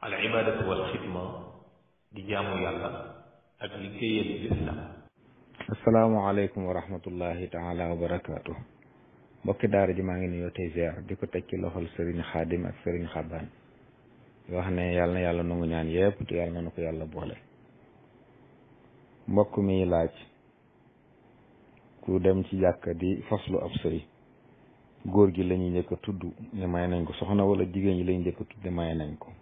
al ibaadatu wal xidma di ji maa ngi nuyoo di ko teg ci loxol sëriñ ak sëriñ xabaan wax ne yàlla na yàlla nangu ñaan yépp te yàlla na ko yàlla boole mbokk mi laaj ku dem ci jàkka di faslu ab sëy góor gi lañuy ñuy tudd ne may nañ ko soxna wala jigéen ñi la ñuy tudd ne may nañ ko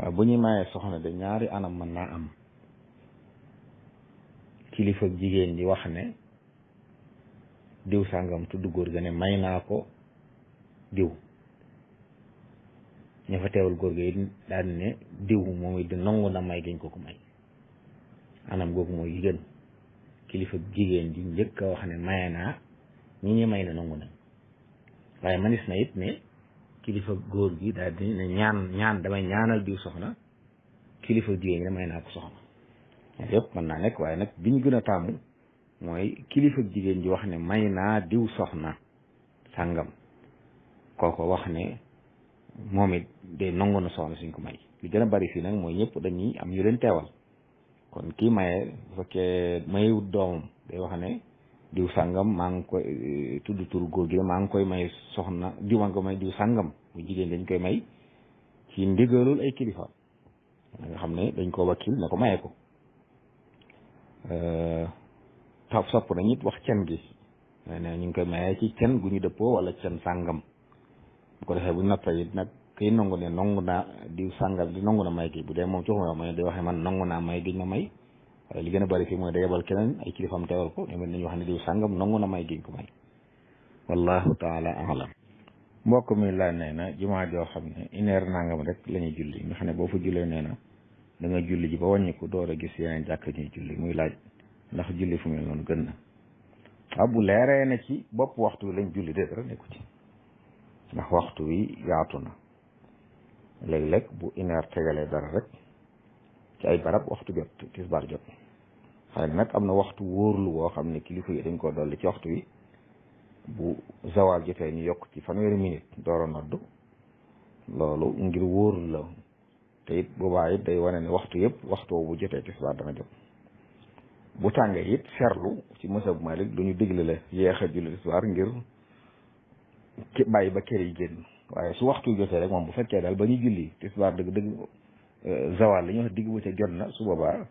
waaw bu ñuy mayee soxna de ñaari anam mën naa am kilifa jigéen ji wax ne diw sàngam tudd góor ga ne may naa ko diw ña fa teewal góor ga it daal ne diw moom it di nangu na may gañ ko ko may anam googu mooy yi kilifa jigéen ji njëkk a wax ne maye naa ñi ñi may ne nangu na waaye manis na it ne kilifa góor gi daal di ñaan ñaan damay ñaanal diw soxna kilifa jigéen ñi may naa ko soxna yëpp mën naa nekk waaye nag bi ñu gën a taamu mooy kilifa jigéen ji wax ne may naa diw soxna sàngam kooko wax ne moom it day nangu na soxna suñ ko may lu gën a bari fii nag mooy ñëpp dañuy am ñu leen teewal kon kii maye mayewut doomam day wax ne diw sangam maa ngi koy eh, tudd tur góor gi ngi koy may soxna diw maa ngi koy may diw sàngam bu jigéen dañ koy may ci ndigalul ay kilifa nga xam ne dañ ko wakkil ne ko maye ko eh, taw sopp na ñit wax cen gi ne ñu ngi koy maye ci cen gu ñu dëppoo wala cen sàngam bu ko defee bu natta it nag ne nangu naa diw sàngam di na may gi bu dee moom coxuma may di waxe man nangu naa may gi ma may waaye li gën a bëri fii mooy da yebal keneen ay kilifaam teewal ko ñoom nañu wax ne diw sàngam nangu na may giñ ko may wallahu taala alam mbokk mi laa na jumaa joo xam ne une heure nangam rek la julli nga xam ne boo fa jullee nee na da nga julli ji ba wàññiku door a gis yeneen jàkk ñuy julli muy laaj ndax julli fu mel noonu gën na waaw ah, bu leeree na ci bopp waxtu wi lañ julli de dara nekku ci ndax waxtu wi yaatu na léeg-léeg bu une heure tegalee dara rek ci ay xëy na nag am na waxtu wóorlu woo xam ne kilifa yi dañ koo dolli ci waxtu wi bu zawaal jotee ñu yokk ci fanweeri minute door a noddu loolu ngir wóorlu la te it boobaa it day wane ne waxtu yëpp waxtu bu jotee tisbaar dana jot bu tàngee it seerlu ci bu Malik du ñu digle la yéex a julli tisbaar ngir ki bàyyi ba kër yi génn waaye su waxtu jotee rek moom bu fekkee daal ba ñu julli tisbaar dëgg dëgg euh, zawaal li ñuy wax digg bu ca jot na su boobaa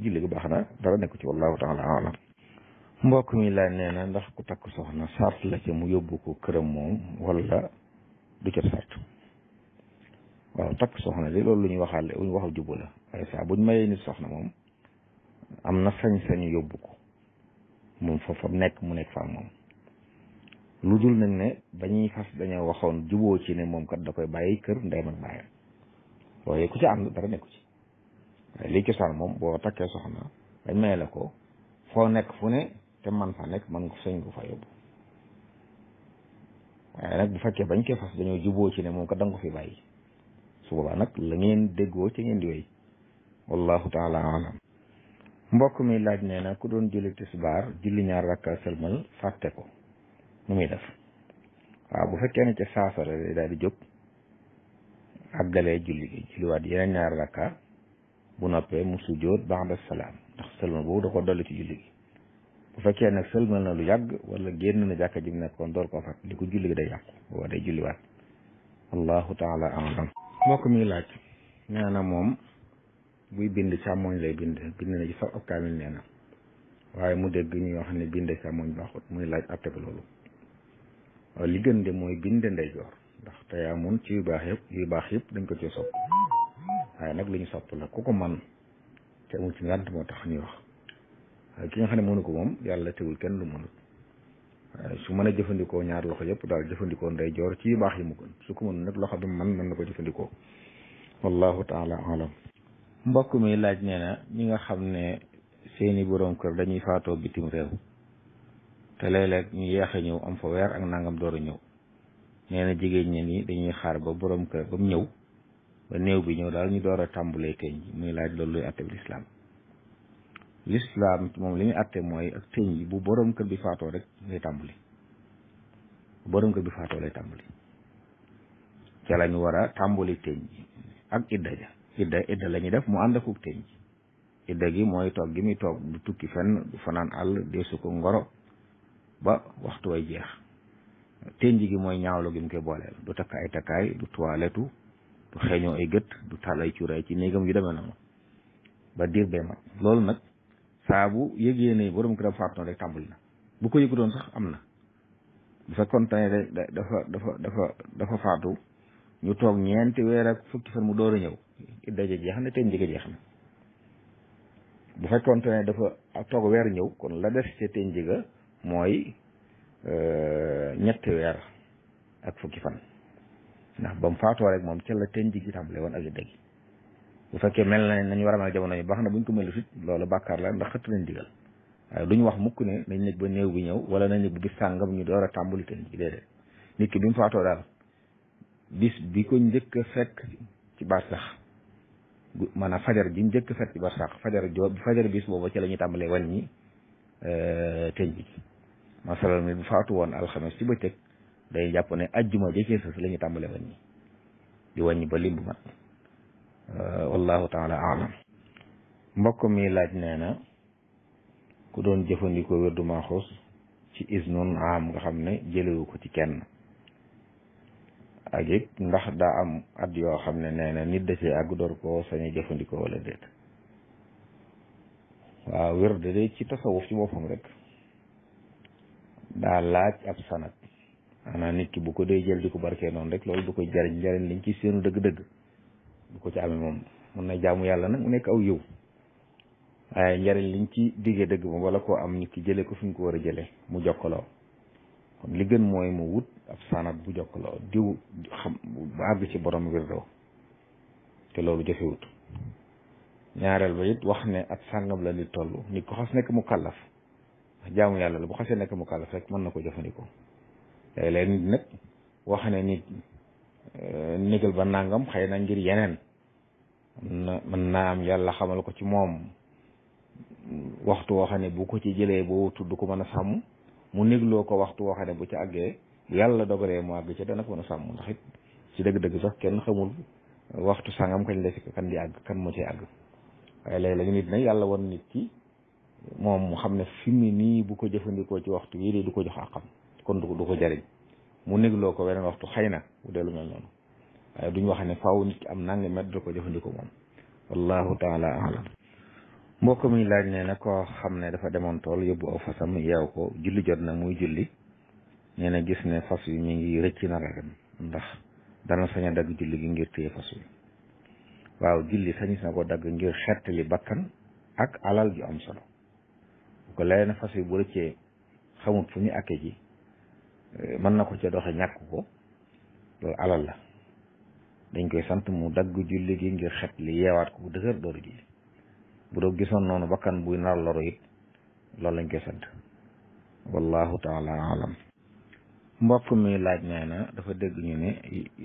julli baax na dara nekk ci wallahu taala alam mbokk mi laaj nee na ndax ku takk soxna sart la ci mu yóbbu ko këram moom wala du ca sart waaw takk soxna li loolu lu ñuy waxaale lu ñu wax jubbu la waaye saa ñu mayee nit soxna moom am na sañ sañ yóbbu ko moom foofu nekk mu nekk fa moom lu dul nañ ne bañuy fas dañoo waxoon juboo ci ne moom kat da koy bàyyi kër ndeyam ak bàyyam loolee ku ci ànd dara nekku ci li cosaan moom boo takkee soxna dañ may la ko foo nekk fu ne te man fa nekk man sëñ ko fa yóbbu waaye nag bu fekkee bañ koy fas dañoo juboo ci ne moom ko danga ko fi bàyyi su boobaa nag la ngeen déggoo ci ngeen di wéy wallahu taala alam mbokk mi laaj nee na ku doon julli tisbaar julli ñaar rakka sëlmal fàtte ko nu muy def waaw bu fekkee ne ca saasara daal di jóg àggalee julli julliwaat yeneen ñaar rakka bu noppee mu sujjóot ba'da salaam ndax sëlmal boobu da ko dolli ci julli gi bu fekkee nag sëlmal na lu yàgg wala génn na jàkka ji mu nekkoon door koo fat di ko julli gi day yàqu booba day julliwaat allahu taala alam mbokk mi laaj nee na moom buy bind càmmoñ lay bind bind na ci sax ab kaamil nee na waaye mu dégg ñuy wax ne bind càmmoñ baaxut muy laaj atte ba loolu li gën de mooy bind ndeyjoor ndax te tayaamun ci yu baax yëpp yu baax yëpp dañ ko ci sopp waaye nag lu ñu sopp la ku ko man te amul ci ngànt moo tax ñuy wax ki nga xam ne mënu ko moom yàlla teewul kenn lu mënut waaye su mën a jëfandikoo ñaar loxo yépp daal jëfandikoo ndey joor ci baax yi mu ko su ko mën nag loxo bi man mën na ko jëfandikoo wallahu taala alam mbokk mi laaj nee na ñi nga xam ne seeni boroom kër dañuy faatoo bitim réew te léeg-léeg ñu yeex a ñëw am fa weer ak nangam door a ñëw nee na jigéen ñi ni dañuy xaar ba boroom kër ba mu ñëw néew bi ñëw daal ñu door a tàmbulee teñ ji muy laaj loolu luy atte bi lislaam lislaam moom li muy atte mooy ak teñ bu borom kër bi faatoo rek lay tàmbali bu borom kër bi faatoo lay tàmbali ca la ñu war a tàmbali teñ ji ak idda ja idda idda la def mu ànd akuk teñ ji idda gi mooy toog gi muy toog du tukki fenn du fanaan àll deesu ko ngoro ba waxtu way jeex teñ gi mooy ñaawlo gi mu koy booleel du takk ay takkaay du toiletu du xeeñoo ay gët du taal ay cuuraay ci néegam yu demee noonu ba diir bay mat loolu nag saa bu yëgee ne borom këram faatu na rek tàmbali na bu ko yëgutoon sax am na bu fekkoon ne dafa dafa dafa dafa faatu ñu toog ñeenti weer ak fukki fan mu door a ñëw daje jeex na teen jege jeex na bu fekkoon ne dafa toog weer ñëw kon la des ca teen jega mooy euh, ñetti weer ak fukki fan ndax ba mu faatoo rek moom ca la tënj gi tàmbale woon ak dëgg bu fekkee mel na nañu war a mel jamono yi baax na buñ ko melut it loolu bàkkaar la ndax xëtt nañ digal waaye duñ wax mukk ne nañ nekk ba néew bi ñëw wala nañ nekk ba bis bu ñu door a tàmbali tënj gi déedéet nit ki bi mu faatoo daal bis bi ko njëkk a fekk ci baat sax maanaam fajar bi njëkk a fekk ci baat sax fajar joo fajar bis boobu ci la ñuy tàmbalee wàññi euh, tënj gi masalan mi bu faatu woon alxames ci day jàpp ne ajjuma jëcee sës la ñu tàmbale wàññi di wàññi ba limbu mat euh, wallahu taala alam mbokk mi laaj nee na ku doon jëfandikoo wérdu maaxuus ci isnun am nga xam ne jëlewu ko ci kenn ak it ndax daa am at yoo xam ne nee na nit da cee àgg door koo sañ jëfandikoo wala déet waaw wérde de ci tasawuf ci boppam rek daa laaj ab sanat maanaam nit ki bu ko dee jël di ko barkee noonu rek loolu du koy jariñ njariñ lañ ci seenu dëgg-dëgg bu ko ci amee moom mun na jaamu yàlla nag mu nekk aw yow waaye njariñ liñ ci diggee dëgg moom wala koo am nit ki jëlee ko fi ñu ko war a jëlee mu jokkaloo kon li gën mooy mu wut ab sanat bu jokkaloo diw xam bu àgg ci borom wirdo te loolu jafewut ñaareel ba it wax ne ak sàngam la nit toll nit ko xas nekk mu kàllaf jaamu yàlla la bu xasee nekk mu kàllaf rek mën na ko jëfandikoo léeg-léeg nit nag wax ne nit eh, négal ba nangam xëy na ngir yeneen man mën naa am yàlla xamal ko ci moom waxtu woo xam ne bu ko ci jëlee boo du ko mën a sàmm mu négloo ko waxtu woo xam ne bu ci àggee bu yàlla dogalee mu àgg ci dana mën a sàmm ndax ci dëgg-dëgg sax kenn xamul waxtu sangam kañ la fi kan di àgg kan moo ci àgg waaye léeg-léeg nit nag yàlla wan nit ki moom mu xam ne fi mu nii bu ko jëfandikoo ci waxtu wii de du ko jox àqam kon du ko jariñ mu négloo ko weneen waxtu xëy na bu dee lu mel noonu waaye duñ wax ne faaw nit ki am nangi mett da ko jëfandikoo moom wallahu taala alam mbokk mi laaj ne na koo xam ne dafa demoon tool yóbbu aw fasam yeew ko julli jot na muy julli nee na gis ne fas wi mi ngi rëcc na ragan ndax dana sañ dagg julli gi ngir téye fas wi waaw julli sañis na ko dagg ngir xettali bakkan ak alal ju am solo bu ko layee na fas wi bu rëccee xamut fu ñu akke ji Eh, mën na ko ca doxe ñàkk ko loolu alal la dañ koy sant mu dagg julli gi ngir xet li yeewaat ko bu dëgër dooru julli bu doo gisoon noonu bakkan buy nar loru it loolu lañ koy sant wallahu taala alam mbokk mi laaj nee na dafa dégg ñu ne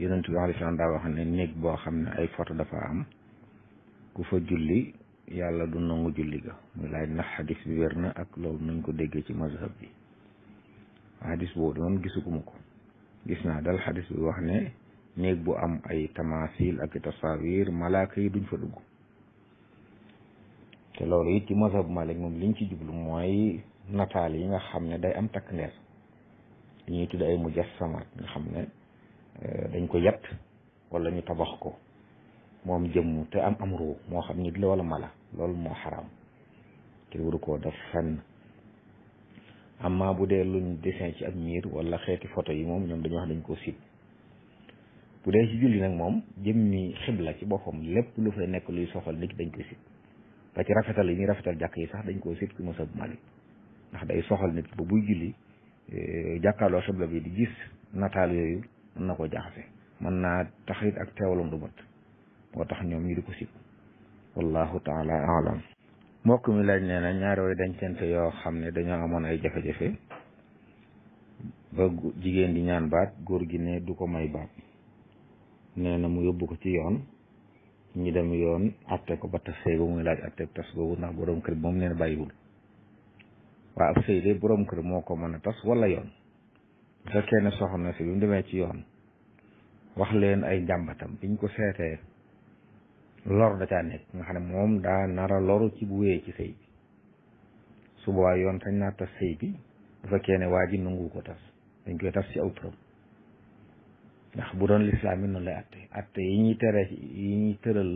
yonent bi alayhi daa wax ne néeg boo xam ne ay photo dafa am ku fa julli yàlla du nangu julli ga muy laaj ndax xadis wér na ak loolu nañ ko déggee ci mazhab bi xadis boobu moom gisuguma ko gis naa dal xadis bi wax ne néeg bu am ay tamasil ak tasawir malaaka yi duñ fa dugg te loolu it ci mazhab malik moom liñ ci jublu mooy nataal yi nga xam ne day am takk ndeer li ñuy tudd ay mujassamaat nga xam ne euh, dañ ko yett wala ñu tabax ko moom jëmm te am am ruu moo xam nit la wala mala loolu moo xaram te waru koo def amma bu dee luñ dessin ci ab miir wala xeeti photo yi moom ñoom dañu wax dañ koo sib bu dee ci julli nag moom jëmmi xibla ci boppam lépp lu fay nekk luy soxal nit dañ koy sib ba ci rafetal yi ñuy rafetal jàkk yi sax dañ koo sib ci masab Malik ndax day soxal nit ba buy julli eh, xibla bi di gis nataal yooyu mën na koo jaxase mën naa taxit ak teewalam du moo tax ñoom ñu di ko sib wallahu taala alam mbokk mi laaj nee na ñaari way dencante yoo xam ne dañoo amoon ay jafe-jafe ba jigéen di ñaan baat góor gi ne du ko may baat nee na mu yóbbu ko ci yoon ñu dem yoon atte ko ba tas sëy ba muy laaj atte tas boobu ndax borom kër moom nee na bàyyiwul waa ab sëy de borom kër moo ko mën a tas walla yoon bu fekkee ne soxna si bi mu demee ci yoon wax leen ay njàmbatam biñ ko seetee lor da caa nekk nga xam ne moom daa nara loru ci bu wéyee ci sëy bi su boobaa yoon sañ naa tas sëy bi bu fekkee ne waa ji nangu ko tas dañ koy tas ci aw ndax bu doon lislaam yi noonu lay atte yi ñuy tere yi ñuy tëral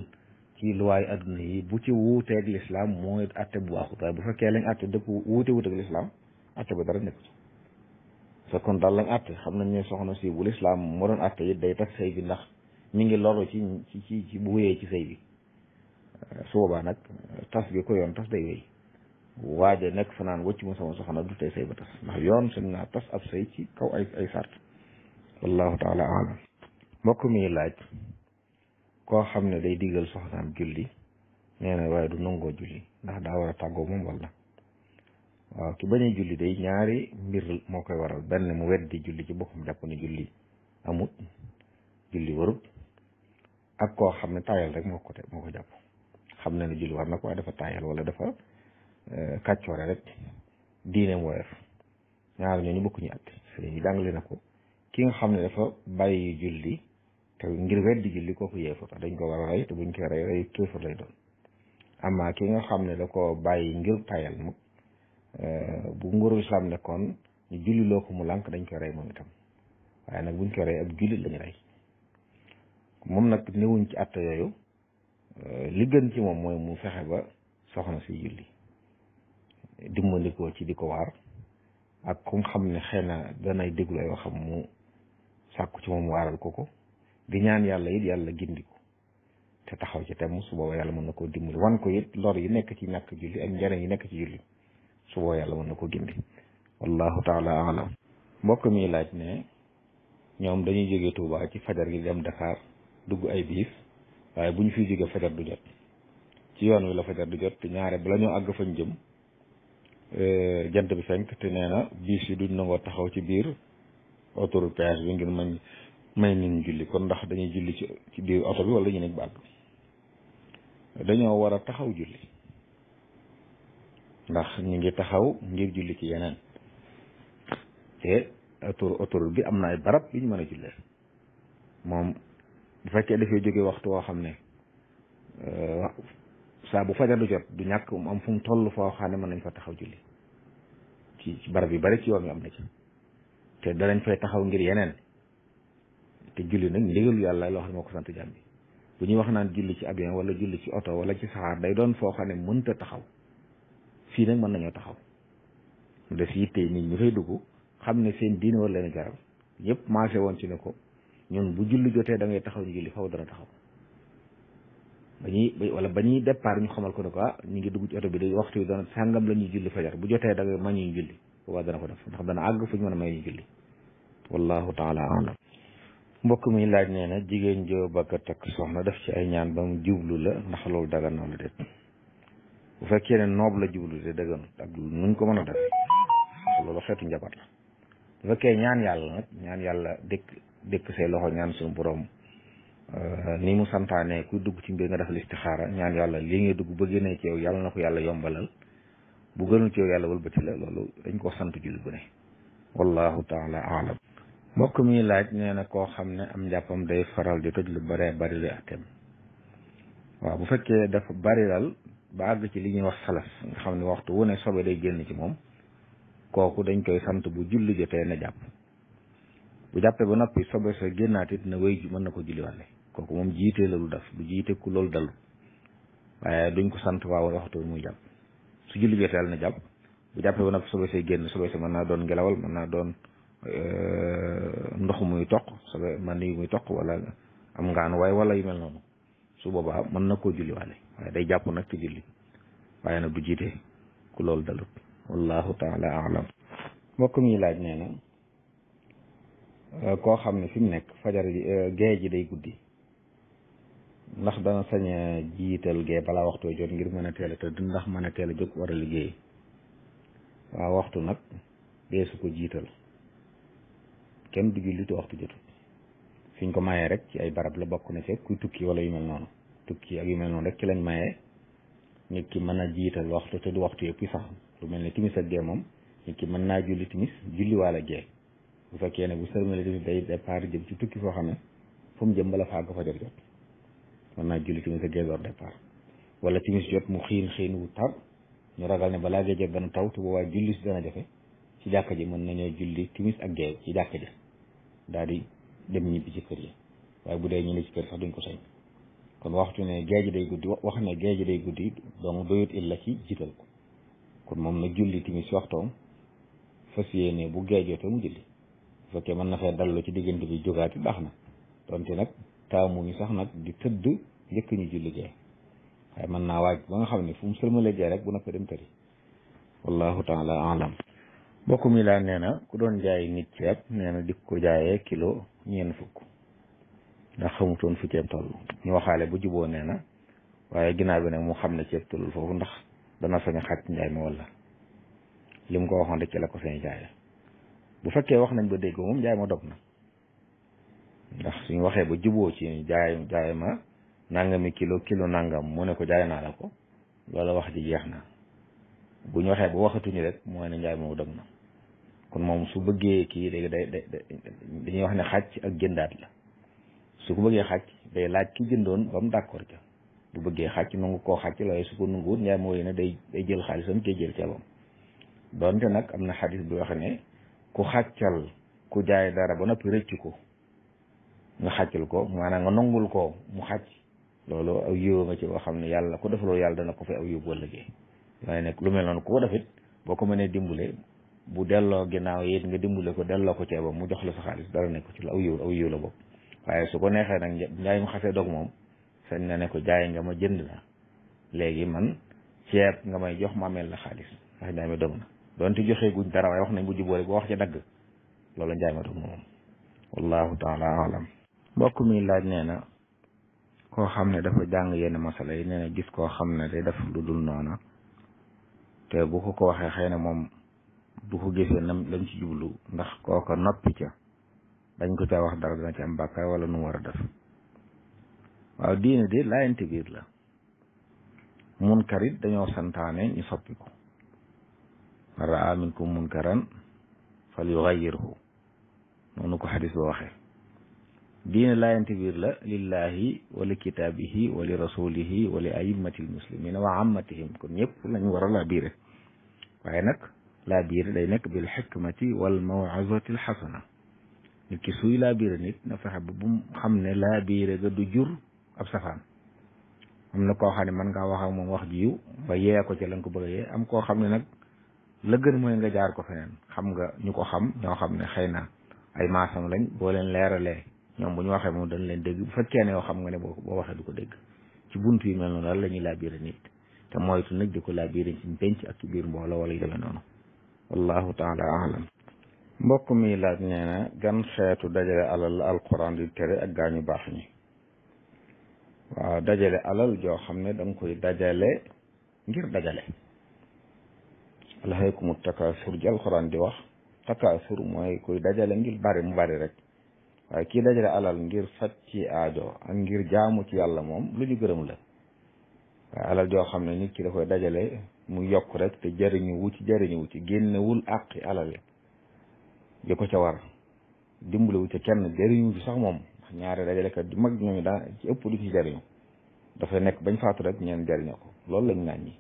ci luwaayu adduna yi bu ci wuuteeg lislaam mooy atte bu baaxut waaye bu fekkee lañ atte dëpp wuute wuuteeg lislaam atte ba dara nekku ci sa kon daal lañ atte xam nañ ne soxna si bu lislaam moo doon atte it day tas sëy bi ndax ñu ngi loru ci ci ci ci bu wéyee ci sëy bi euh, su boobaa nag tas bi ko yoon tas day wéy waaje nekk fanaan wëcc ma sama soxna du tey sëy ba tas ndax yoon suñ naa tas ab say ci kaw ay ay sart wallahu taala alam mbokk mi laaj koo xam ne day digal soxnaam julli nee na du nangoo julli ndax daa war a tàggoo moom walla waaw ki bañ a julli day ñaari mbir moo koy waral benn mu weddi julli ci bokkum jàpp ne julli amut ak koo xam ne tayel rek moo ko moo ko jàpp xam na ne julli war na ko waaye dafa tayal wala dafa euh, kàccoore rek diine moo def ñaar ñooñu bokkuñu at sëriñ na ko ki nga xam ne dafa bàyyi julli te ngir weddi julli kooku yéefar dañ ko war a rey te buñ koy rey rey kéefar lay doon amaa ki nga xam ne da ko bàyyi ngir tayal moom euh, bu nguuru islam nekkoon ñu julli loo ko mu lànk dañ koy rey moom itam waaye nag buñ koy rey ab jullit lañu rey moom nag newuñ ci atte yooyu euh, li gën ci moom mooy mu fexe ba soxna si julli dimbandikoo ci di ko waar ak ku xam ne xëy na danay déglu ay waxam mu sàkku ci moom waaral ko ko bi ñaan yàlla yit yàlla gindiko te taxaw ci temm su booba yàlla mën na koo dimbali wan ko it lor yi nekk ci ñàkk julli ak njariñ yi nekk ci julli su yàlla mën na ko gindi wallahu taala alam mbokk mi laaj ne ñoom dañuy jóge Tuubaa ci fajar gi dem Dakar dugg ay biif waaye bu ñu fiy jógee fajar du jot ci yoon wi la fajar du jot te ñaare bala ñoo àgg fañ jëm euh, jant bi fenk te nee na biis yi duñ nangoo taxaw ci biir autoroute péage bi ngir mañ may nit ñu ndax dañuy julli ci ci biir oto bi wala ñu nekk bàgg dañoo war a taxaw julli ndax ñu ngi taxaw ngir julli ci yeneen te autoroute bi am na ay barab yu ñu mën a jullee moom bu fekkee dafay jóge waxtu woo xam ne euh, saa bu fajar du jot du ñàkk mu am fu mu toll foo xam ne mën nañ fa taxaw julli ci barab yi bari ci yoon yi am na ci te danañ fay taxaw ngir yeneen te julli nag ndigalu yàlla loo xam ne moo sant jàmm bu ñuy wax naan julli ci avion wala julli ci oto wala ci saxaar day doon foo xam ne taxaw fii nag mën nañoo taxaw mu def yitte nit ñi fay dugg xam ne seen diine war leen jaral ñëpp maase woon ci ne ko ñoom bu julli jotee dangay taxaw ñu julli faw dana taxaw ba ñuy ba ñuy départ ñu xamal ko ne quoi ah, ñu ngi dugg ci oto bi de waxtu bi dana sàngam la ñuy julli fajar bu jotee da ngay ma ñuy julli boobaa dana ko def ndax dana àgg fu ñu mën a may ñu julli wallahu taala alam mbokk mi laaj nee na jigéen joo bëgg a takk soxna def ci ay ñaan ba mu jublu la ndax loolu dagan na la déet bu fekkee ne noob la jublu de dëgganut ak nuñ ko mën a def loolu xeetu njaboot la bu fekkee ñaan yàlla nag ñaan yàlla dëkk dékk say loxo ñaan suñu borom euh, ni mu santaane kuy dugg ci mbir nga def listixaara ñaan yàlla lii ngay dugg ba ne ci yow yàlla na ko yàlla yombalal bu gënul ci yow yàlla ci la loolu dañ koo sant julli bu ne wallahu taala alam mbokk mi laaj nee nag koo xam ne am njàppam day faral di toj lu bare bari lu atem bu fekkee dafa bari dal ba àgg ci li ñuy wax salaf nga xam ne waxtu wu ne sobe day génn ci moom kooku dañ koy sant bu julli jotee jàpp bu jàppee ba noppi sobe sa génnaat it na wéy mën na ko julliwaale kooku moom jiitee la lu def jiite ku loolu dalu waaye duñ ko sant waaw waxtu muy jàpp su julli jotee na jàpp bu jàppee ba noppi sobe génn sobe sa mën naa doon ngelawal mën naa doon euh, ndox toq sobe mën toq wala am ngaan waaye wala yu mel noonu su boobaa mën na koo julliwaale waaye day jàpp nag te julli waaye nag du jiite ku loolu dalut wallahu taala alam mbokk mi laaj nee na Euh, koo xam ne fi mu nekk fajar euh, gee ji day guddi ndax dana sañ a jiital gee balaa waxtoo jot ngir mën a teel a tëdd ndax mën a teel a jóg war a liggéey waaw waxtu nag dee ko jiital kenn du julli te waxtu jotut fi ko mayee rek ci ay barab la bokk na ci kuy tukki wala yu mel noonu tukki ak yu mel noonu rek ci lañ mayee nit ki mën a jiital waxtu te du waxtu yëpp sax lu mel ni timis ak gee moom nit ki mën naa julli timis julli waala gee bu fekkee ne bu sërmale tamit day départ jëm ci tukki foo xam ne fu mu jëm bala fàgg fajar jot mën naa julli tamit sa géejoor wala timis jot mu xiin xiin wu tar ñu ragal ne balaa géej dana taw te boobaa julli si dana jafe ci jàkka ji mën nañoo julli timis ak géej ci jàkka ji di dem ñibbi ci kër yi waaye bu dee ñu ci kër sax duñ ko sañ kon waxtu ne géej day guddi wax ne géej day guddi donc doyut illa ci jiital ko kon moom na julli timis waxtoom fas yéene bu géej jotee mu julli bu fekkee mën na fee dallu ci diggante bi jógaati baax na donte nag taamu ñu sax nag di tëdd njëkk ñu julli gee waaye mën naa waaj ba nga xam ne fu mu sëlmale rek bu noppee dem tëri wallahu taala alam mbokk mi laa nee na ku doon jaay nit ceeb nee na di ko jaayee kilo ñeent fukk ndax xamutoon fu ceeb toll ñu waxaale bu juboo nee na waaye ginnaaw bi nag mu xam ne ceeb tollul foofu ndax dana sañ a xaj njaay mi wala lim ko waxoon rek ci la ko sañ jaayee bu fekkee wax nañ ba déggoo moom jaay ma dog na ndax suñu waxee ba jiboo ci jaay jaay ma nangami kilo kilo nangam mu ne ko jaay naa la ko loolu wax di jeex na bu ñu waxee ba waxatuñu rek mooy ne njaay moo dog na kon moom su bëggee kii léegi day day dañuy wax ne xàcc ak jëndaat la su ko bëggee xàcc day laaj ki jëndoon ba mu d'accord ca bu bëggee xàcc nangu koo xàcc looy su ko nanguwut njaay mooy ne day day jël xaalisam cee jël ceebam donte nag am na xadis bi wax ne ku xàccal ku jaay dara ba noppi rëcc ko nga xàccal ko maanaa nga nongul ko mu xàcc loolu aw yiwa nga ci loo xam ne yàlla ko def yàlla dana ko fay aw yóbbu ëllëgee waaye nag lu mel noonu ku ko defit boo ko mënee dimbale bu delloo ginnaaw yit nga dimbale ko delloo ko ceebam mu jox la sa xaalis dara nekk ci la aw yiw aw yiw la bopp waaye su ko neexee nag njaay mu xasee dog moom sañ na ne ko jaay nga ma jënd la léegi man ceeb nga may jox ma ameel la xaalis ndax njaay mi dog na doonte joxe guñ dara wax nañ bu jubóore boo wax ci dagg loolu njaay ma moom wallahu taala alam mbokk mi laaj nee na koo xam ne dafa jàng yenn masala yi nee gis koo xam ne day def lu dul noona te bu ko ko waxee xëy na moom du ko gisee nam lañ ci jublu ndax kooka noppi ca dañ ko caa wax dara dana ci am bàkkaar wala nu mu war a def waaw diine de laayante biir la munkar it dañoo santaane ñu soppi ko man raa minkum munkaran fal yugayyirhu noonu ko xadis ba waxee diine laayante biir la lillahi wa li kitaabihi wa li rasulihi wa li aimati almuslimina wa ammatihim kon ñëpp lañ war a laa biire waaye nag laa biire day nekk bil xikmati wal mawazati alxasana nit ki suy laa biire nit na fexe ba bu xam ne laa biire ga du jur ab safaan am na koo xam ne mën ngaa wax ak moom wax ji yiw ba yee ko ca la nga ko bëgg a yee am koo xam ne nag la gën mooy nga jaar ko feneen xam nga ñu ko xam ñoo xam ne xëy na ay maasam lañ boo leen leeralee ñoom bu ñu waxee moom dañ leen dégg bu fekkee ne yoo xam nga ne boo boo waxee du ko dégg ci bunt yu mel noonu daal la ñuy laabiire nit te moytu nag di ko laabiire ci penc ak ci biir mbooloo wala yu demee noonu wallahu taala alam mbokk mi laaj nee na gan xeetu dajale alal la alquran di tere ak gaañu baax ñi waaw dajale alal joo xam ne danga koy dajale ngir dajale alhaykumu takaasur ji alxuraan di wax takaasur mooy kuy dajale ngir bari mu bari rek waaye kii dajale alal ngir faj ci aajo ak ngir jaamu ci yàlla moom lu ñu gërëm la waaye alal joo xam ne nit ki da koy dajale mu yokk rek te jëriñu ci jëriñu ci génnewul àqi alal yi ko ca war dimbale wu ca kenn jëriñu sax moom ndax ñaari dajalekat di mag ñooñu daa ci ëpp du ci jëriñu dafay nekk bañ faatu rek ñeen jëriñoo ko loolu lañ naan ñi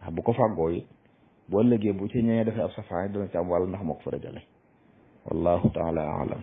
ndax bu ko fàggoo it boo ëllëgee bu ci ñëwee dafay ab safaani dana ci am wàll ndax moo ko fa dajale wallahu taala alam